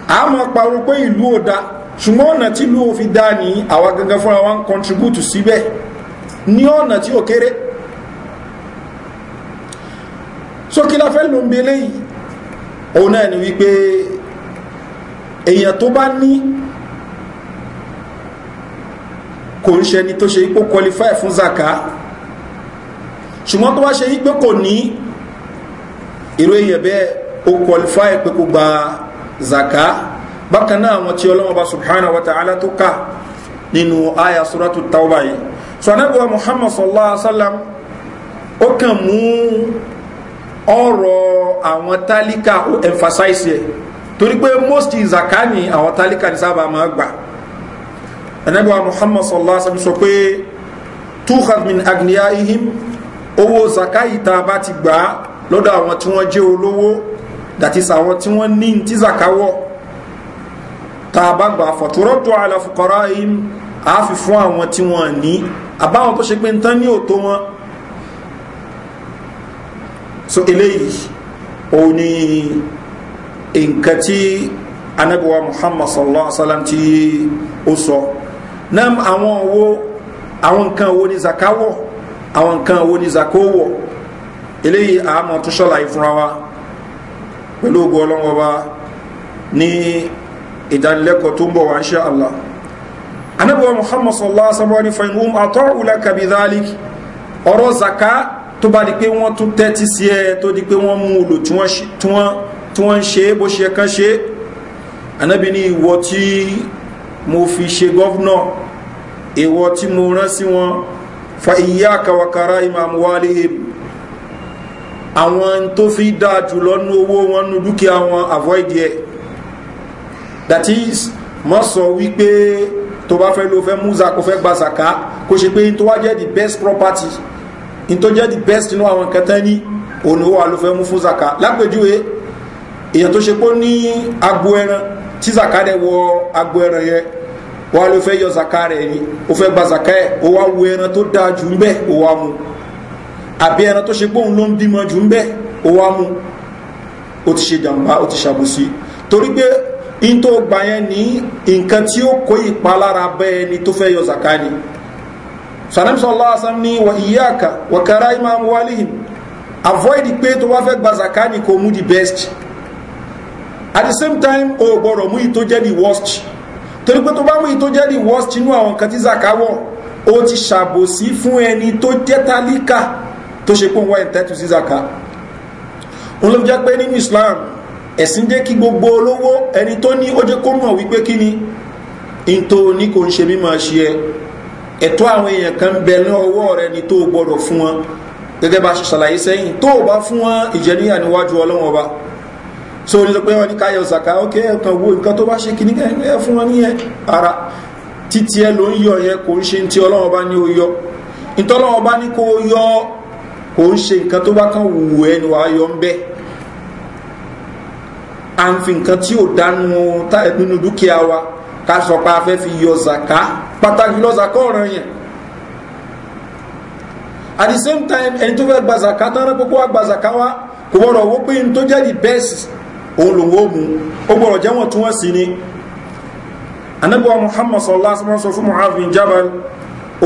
àmọ́ pé ìlú ò da. ṣùgbọ́n ọ̀nà tí ló fi dá ní àwa gangan fúnra wa ń síbẹ̀ ní ọ̀nà tí ó kéré so kí la fẹ́ ló ń belé yìí òun náà ni wípé èèyàn tó bá ní kò ń ṣe tó ṣe ipò qualify fún zaka ṣùgbọ́n tó bá ṣe yí pé kò ní irú èèyàn bẹ́ẹ̀ ó qualify pé kò gba zaka bákan náà àwọn tí ọlọ́wọ́n bá subhanahu wa ta'ala tó ká nínú àyà suratu tauba yìí so anabi wa muhammad sallallahu alaihi wa sallam ó kàn mú ọ̀rọ̀ àwọn tálíkà ó emphasize ẹ̀ torí pé most zaka ni àwọn tálíkà ní sábà máa gbà anabi wa muhammad sallallahu alaihi wa sallam sọ pé tukhad min agniyaihim owó zaka yìí tá a bá ti gbà lọ́dọ̀ àwọn tí wọ́n jẹ́ olówó that is tí wọ́n ní ní zaka wọ̀ tá a bá gbà fọ̀tọ̀rọ̀dù àlàfùkọ́rá yìí a fi fún àwọn tí wọ́n ní àbáwọn tó ṣe pé ń tán ní òtó wọn so eléyìí òun ni nǹkan tí anabiwa muhammad sallallahu alaihi wa sallam tí ó sọ náà àwọn owó àwọn nǹkan owó ní zakawọ̀ àwọn nǹkan owó ní zakowọ̀ eléyìí àmọ́ tó ṣọ́la ìfúnra wa pẹ̀lú ògùn ọlọ́wọ́ wa ní ìdánilẹ́kọ̀ọ́ tó ń bọ̀ wá insha Allah anábíwá muhammad sallallahu alaihi wasallam fa inhum ata'u laka bidhalik ọ̀rọ̀ zaka tó bá di pé wọ́n tún tẹ́tí sí ẹ tó di pé wọ́n mú un lò tí wọ́n ń ṣe bó ṣe kán ṣe anábí ní ìwọ tí mo fi ṣe gọ́vnà ìwọ tí mo rán sí wọn fa iyyaka wa kara'ima amwalihim àwọn tó fi dáa jùlọ nú owó wọn nú dúkìá wọn avoid yẹn that is mọ́ sọ wípé tó bá fẹ́ ló fẹ́ mú zaka kó fẹ́ gba zaka kó ṣe pé tó wá jẹ́ the best property in tó jẹ́ the best inú àwọn nǹkan tán ní òun ló wà ló fẹ́ mú fún zaka lápèjúwe èèyàn tó ṣe pé ní agbo ẹran tí zaka rẹ̀ wọ agbo ẹran yẹn wà ló fẹ́ yọ zaka rẹ̀ ni ó fẹ́ gba zaka ẹ̀ ó wá wo ẹran tó dáa jù ń ó wá mu àbí ẹran tó ṣe pé òun ló ń bímọ jù ń ó wá mu ó ti ṣe jàǹbá ó ti ṣàbòsí torí pé in tó gbà yẹn ní nǹkan tí ó kó ìpalára bẹ́ẹ̀ ni tó fẹ́ yọ zaka ni sàlẹ́m Allah asam ní wà ìyáàkà wà kára imam walihim avoid pé tó bá fẹ́ gba zaka ni kò mú the best at the same time o gbọ́dọ̀ mú ìtó jẹ́ the worst torí pé tó bá mú ìtó jẹ́ worst inú àwọn nǹkan tí zaka wọ̀ ó ti ṣàbòsí fún ẹni tó jẹ́ tálíkà tó ṣe pé òun wá ìtẹ́tù sí zaka òun ló jẹ́ nínú islam ẹ̀sìn jẹ́ kí gbogbo olówó ẹni tó ní ó jẹ́ kó mọ̀ wípé kí ni n tó ní kò ń ṣe mímọ̀ ṣe ẹ ẹ̀tọ́ àwọn èèyàn kan ń bẹ ní ọwọ́ rẹ ni tó gbọ́dọ̀ fún wọn gẹ́gẹ́ bá ṣàlàyé sẹ́yìn tó o bá fún wọn ìjẹníyà níwájú ọlọ́wọ́n ọba so ní pé wọn ní káyọ̀ zaka ok ẹ̀kan wo nǹkan tó bá ṣe kí ní ẹ fún wọn níyẹn ara títí ẹ ló ń yọ yẹn kò ń ṣe ti ọlọ́wọ́n ọba ní o yọ ìtọ́lọ́wọ́n ọba ní kò yọ kò ń ṣe nǹkan tó bá kàn wù ẹ ni wàá ń bẹ́ẹ̀ à ń fi nǹkan tí ò dánú nínú dúkìá wa ká sọ pé a fẹ́ fi yọ zaka pàtàkì lọ zaka ọ̀ràn yẹn at the same time ẹni tó fẹ́ gba zaka tán rẹ́ púpọ̀ gba zaka wa kò gbọ́dọ̀ wó pé n tó jẹ́ the best òun lòun ó mú ó gbọ́dọ̀ jẹ́ wọ́n tí wọ́n sì ni anabi wa muhammad sallallahu alaihi wasallam fún mu'adh bin jabal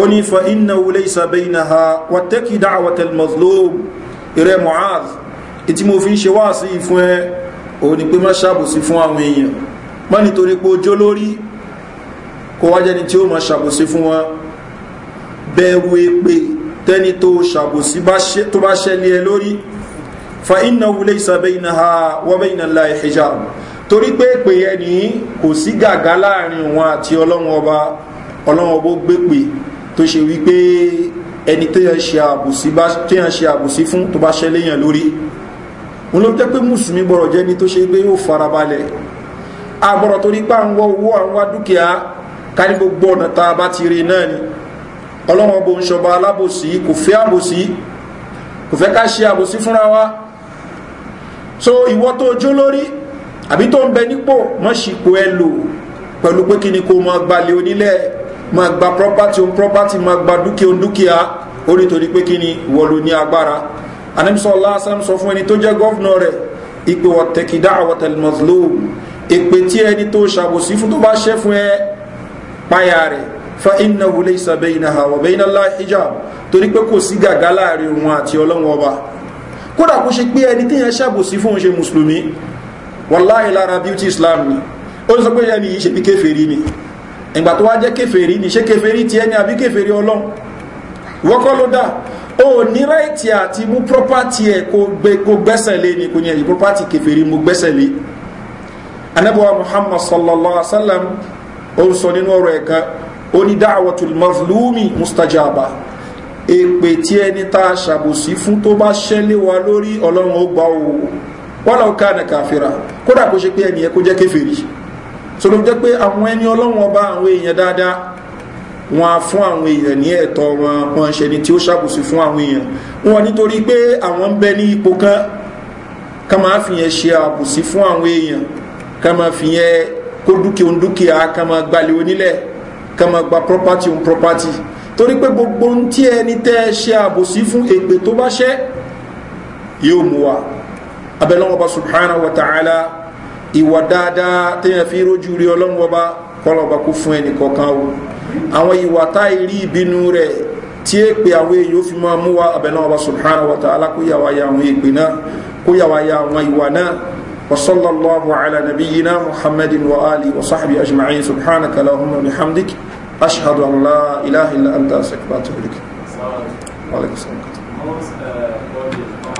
ó ní fa inna laysa bainaha wa taki da'wat al mazlum ire mu'adh iti mo fi ń ṣe wá sí fún ẹ òun ni pé má ṣàbòsí fún àwọn èèyàn má nítorí pé ojó lórí kó wá jẹ́ni tí ó má ṣàbòsí fún wọn bẹ̀rù èpè tẹ́ni tó ṣàbòsí tó bá ṣẹlẹ̀ ẹ lórí fa iná wulẹ̀ ìsàbẹ̀ iná ha wọ́bẹ̀ iná láì hijab torí pé èpè yẹn kò sí gàgá láàrin wọn àti ọlọ́run ọba ọlọ́run ọba gbépè tó ṣe wípé ẹni téèyàn ṣe àbòsí fún tó bá ṣẹlẹ̀ yẹn lórí wọn ló jẹ́ pé mùsùlùmí gbọ́rọ̀ jẹ́ ni tó ṣe pé yóò farabalẹ̀ agbọ́rọ̀ torí pé à ń wọ owó à dúkìá ká ní gbogbo ọ̀nà tá bá ti rí náà ni ọlọ́wọ́n bó ń ṣọba alábòsí kò fẹ́ àbòsí kò fẹ́ ká ṣe àbòsí fúnra wa so ìwọ tó jó lórí àbí tó ń bẹ nípò mọ́ ṣìpò ẹ lò pẹ̀lú pé kí ni kó máa gbalẹ̀ onílẹ̀ máa gba property on property máa gba dúkìá on dúkìá ó nítorí pé kí ni ìwọ ló ní agbára anamisọ lásán sọ fún ẹni tó jẹ́ gọ́vnọ rẹ̀ ìpè wà tẹ̀kídá àwọ̀tẹ̀lì mazlum ìpè tí ẹni tó ṣàbòsí fún tó bá ṣẹ́ fún ẹ páyà rẹ̀ fa iná wulẹ̀ ìsàbẹ̀ iná àwọ̀ bẹ̀ iná lá hijab torí pé kò sí gàgá láàrin òun àti ọlọ́wọ́n kódà kó ṣe pé ẹni téèyàn ṣàbòsí fún òun mùsùlùmí wàláhì lára beauty islam ni ó sọ pé ẹni yìí ṣe bí kéferì ni ìgbà tó wá jẹ́ kéferì ni ṣé kéferì ti ẹni àbí kéferì ọlọ́run wọ́kọ́ ló dáa o ní ráìtì àti mú property ẹ̀ kó gbẹ́sẹ̀ lé ní kò ní ẹ̀yìn property kẹfẹ́rí mú gbẹ́sẹ̀ lé muhammad sallallahu alaihi wa sallam ó sọ nínú ọ̀rọ̀ ẹ̀ka mustajaba èpè tí ẹni tá a ṣàbòsí fún tó bá ṣẹ́lé wa lórí ọlọ́run ó gbà ó wọ́n làwọn ká ànà kàfẹ́ra wọn á fún àwọn èèyàn ní ẹ̀tọ́ wọn wọn ṣe ni tí ó ṣàbùsù fún àwọn èèyàn wọn nítorí pé àwọn ń bẹ ní ipò kan ká máa fi yẹn ṣe àbùsí fún àwọn èèyàn ká máa fi yẹn kó dúkìá òun dúkìá ká máa gbalẹ̀ onílẹ̀ ká máa gba property òun property torí pé gbogbo ohun tí ẹni tẹ́ ṣe àbòsí fún èpè tó bá ṣẹ́ yóò mú wa abẹ́lẹ́wọ̀n ọba subhanahu wa ta'ala ìwà dáadáa téèyàn fi rójú rí ọlọ́run ọba kọlọba kó fún ẹnì kọ̀ọ̀kan o àwọn ìwà tá ìrí ìbínú rẹ̀ tí é pé àwọn èyí ó fi máa mú wa abẹ́nà ọba subhanahu wa ta'ala kó yà wáyà àwọn ìpè náà kó yà wáyà àwọn ìwà náà وصلى الله على نبينا محمد وآله وصحبه أجمعين سبحانك اللهم وبحمدك أشهد أن لا إله إلا أنت أستغفرك وأتوب إليك وعليكم السلام